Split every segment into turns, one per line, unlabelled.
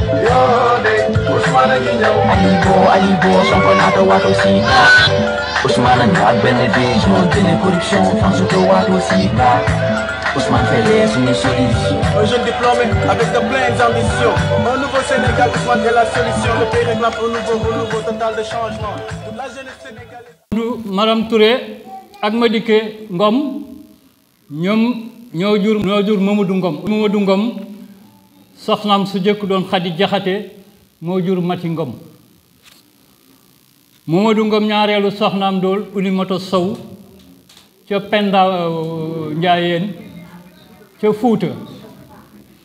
yoo de Ousmane ngi ñëw. Ayibo ayibo Sonko naa ko aussi. Ousmane nga ak benn vision génne corruption fan su ko aussi. Ousmane Félix suñu solution. Un jeune diplômé avec de pleines ambitions. Un nouveau Sénégal, Ousmane est la solution. Le pays réclame un nouveau renouveau total de changement. Toute la jeunesse
sénégalaise. Madame Touré ak Madické Ngom ñoom ñoo jur ñoo jur Mamadou Ngom Mamadou Ngom. soxnaam su jëkk doon xadi jaxate moo jur mati ngom Mamadou Ngom ñaareelu soxnaam dool uli moto sow ca penda euh, njaayeen ca fuuta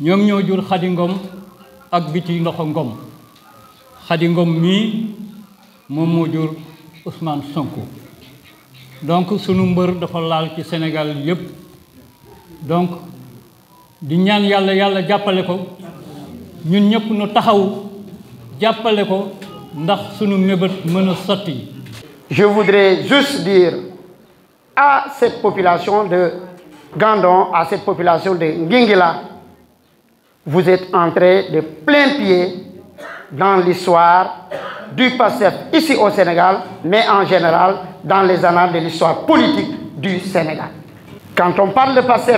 ñoom ñoo jur xadi ngom ak biti ndoxo ngom xadi ngom mii moom moo jur Ousmane Sonko donc sunu mbër dafa laal ci Sénégal yépp donc di ñaan yàlla yàlla jàppale ko
Je voudrais juste dire à cette population de Gandon, à cette population de Nguingila, vous êtes entrés de plein pied dans l'histoire du passé ici au Sénégal, mais en général dans les annales de l'histoire politique du Sénégal. Quand on parle de passé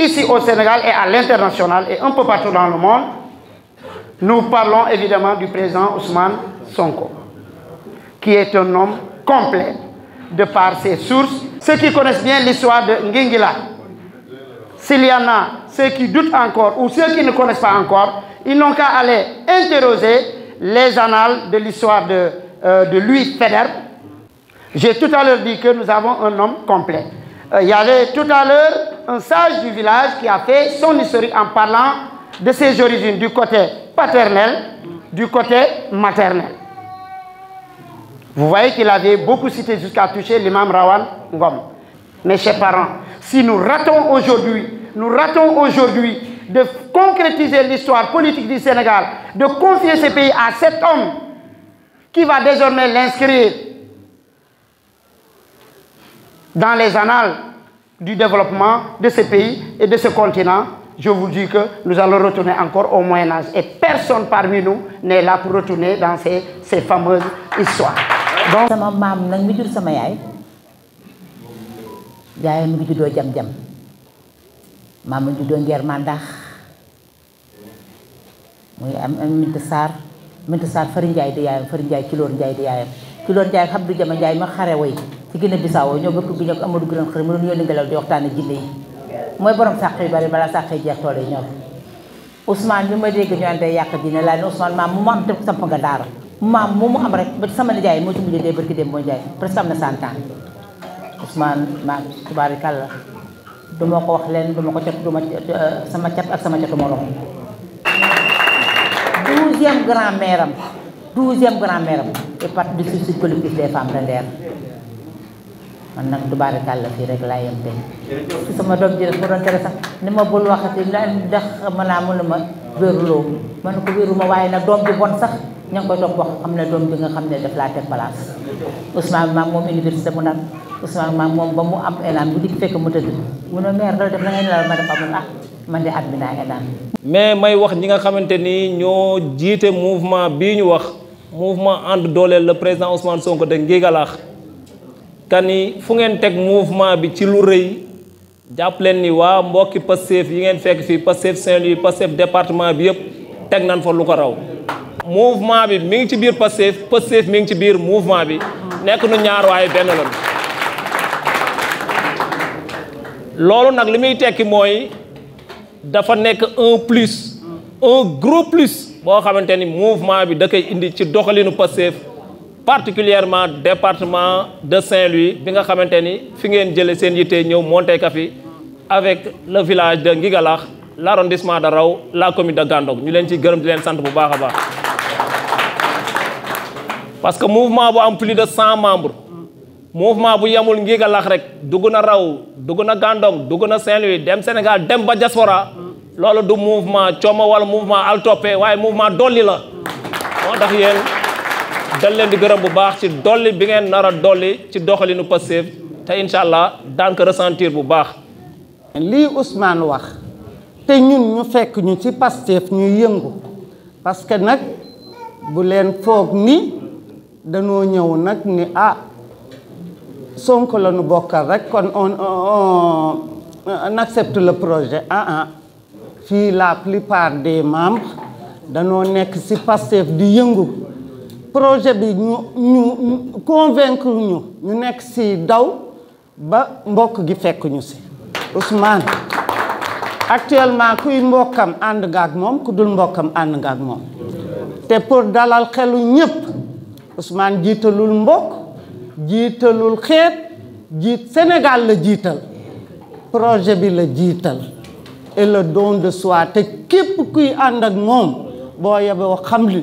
ici au Sénégal et à l'international et un peu partout dans le monde, nous parlons évidemment du président Ousmane Sonko, qui est un homme complet de par ses sources. Ceux qui connaissent bien l'histoire de Ngengila, s'il y en a ceux qui doutent encore ou ceux qui ne connaissent pas encore, ils n'ont qu'à aller interroger les annales de l'histoire de, euh, de Louis J'ai tout à l'heure dit que nous avons un homme complet. Euh, il y avait tout à l'heure un sage du village qui a fait son historique en parlant de ses origines du côté paternel du côté maternel. Vous voyez qu'il avait beaucoup cité jusqu'à toucher l'imam Rawan Ngom. Mes chers parents, si nous ratons aujourd'hui, nous ratons aujourd'hui de concrétiser l'histoire politique du Sénégal, de confier ce pays à cet homme qui va désormais l'inscrire dans les annales du développement de ce pays et de ce continent je vous dis que nous allons retourner encore au Moyen Âge. Et personne parmi nous n'est là pour retourner dans ces, ces fameuses
histoires. Donc, sama maam nag mi jur sama yaay yaay mi ngi juddoo jam jam maam mi juddoo ngeer màndaax muy am mint saar mint sar fari njaay di yaayam fari njaay kiloor njaay di yaayam kiloor njaay xam du jama njaay ma xare way ci Guinée Bissau ñoo bokk bi ñoo Amadou Gurène xëy mu doon yónni ngelaw di waxtaane jinne yi moy borom sàq bari bala sàq yi jeex tool yi Ousmane bi ma dégg ñu ande yak dina la Ousmane ma mu am te samp nga daara ma mu mu am rek ba sama ndjay mo ci mujj dee barki dem mo ndjay presque amna 100 ans Ousmane ma tubaarikàlla duma ko wax len duma ko cat duma eh, sama cat ak sama mo lo 12e grand-mère 12e grand-mère et parti de suicide collectif des femmes de Nder man nag dubaari kàll fii rek laa yem tey sama doom ji def ma doon tere sax ni ma bul waxati la a ma wéruloo man ko wéru ma waaye nag doom ji bon nga xam ne daf laa teg place Ousmane maam moom université moom ba mu am élan bu dikk fekk mu ma def amul ah man de at bi naa élan
mais may wax ñi nga xamante ni ñoo jiite mouvement bii ñu wax mouvement ànd dooleel la président Ousmane Sonko de Ngigalax kani fu ngeen teg mouvement bi ci lu rëy jàpp leen ni waa mbokki Pastef yi ngeen fekk fii Pastef Saint-Louis Pastef département bi yëpp teg nañ fa lu ko raw mouvement bi mi ngi ci biir Pastef Pastef mi ngi ci biir mouvement bi nekk nu ñaar waaye benn la loolu nag li muy tekki mooy dafa nekk un plus un gros plus boo xamante ni mouvement bi da koy indi ci doxalinu Pastef particulièrement département de Saint-Louis bi nga xamante ni fi ngeen jële seen yitte monte café avec le village de Ngigalax l'arrondissement de Raw la commune de Gandok ñu leen ci gërëm di leen sant bu parce que mouvement a am plus de 100 membres mouvement bu yemul Ngigalax rek du na Raw dugg na Gandok dugg Saint-Louis dem Sénégal dem ba diaspora le du mouvement cooma wala mouvement altopé waaye mouvement dolli la moo tax dañ leen di gërëm bu baax ci dolli bi ngeen nar a dolli ci doxalinu Pastef te incha allah daan ko ressentir bu baax.
lii Ousmane wax te ñun ñu fekk ñu ci Pastef ñu yëngu parce que nag bu leen foog ni danoo ñëw nag ni ah Sonko lañu ñu bokkal rek kon on on accepte le projet ah ah fii la plupart des membres danoo nekk ci Pastef di yëngu. projet bi ñu ñu convaincre ñu nekk si daw ba mbokk gi fekk si ci actuellement kuy mbokkam ànd nga ak moom ku dul mbokkam ànd nga ak moom te pour dalal xelu ñépp Ousmane jiitalul mbokk jiitalul xeet jiit Sénégal la jiital projet bi la jiital et le don de soi te képp kuy ànd ak moom boo yeboo xam li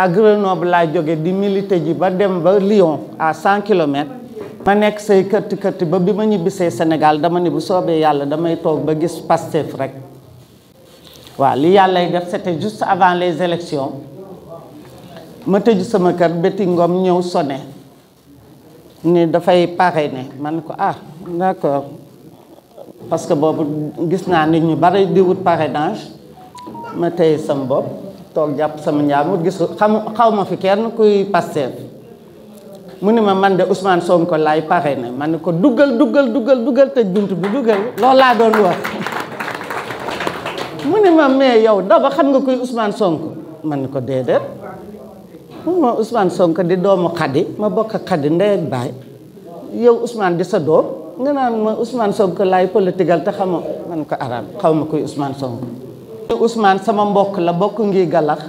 à Grenoble laa jóge di milité ji ba dem ba Lyon à 100 kilomètres ma nekk say kërti kërti ba bi ma ñibbisee Sénégal dama ne bu soobee yàlla damay toog ba gis Pastef rek waaw li yàllay def c'était juste avant les élections ma tëju sama kër Betty Ngom ñëw sonné ni dafay parrainé man ko ah d'accord parce que boobu gis naa nit ñu bari di wut parrainage ma tey sama bopp tok japp sama njaamur gis xam xawma ma fi kenn kuy Pastef mu ne ma man de Ousmane Sonko laay pare na man ko duggal duggal duggal duggal te buntu bi duggal lo la doon wax mu ne ma me yow daba xam nga kuy Ousmane Sonko man ko dedet mu ma Ousmane Sonko di doomu xadi ma bokk xadi ndey ak bay yow Ousmane di sa doom nga nan ma Ousmane Sonko lay te xamoo man ko arab xawma kuy Ousmane Sonko usmaan sama mbokk la mbokk ngi galax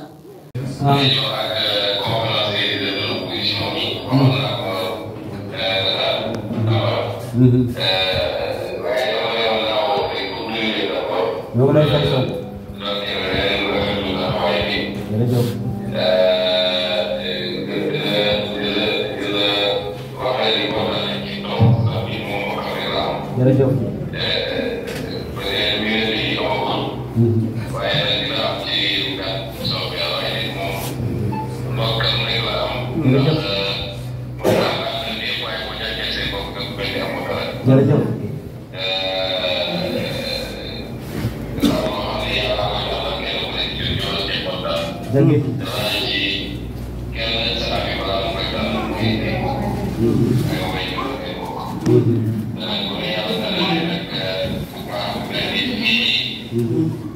jërëjëf. Mm-hmm.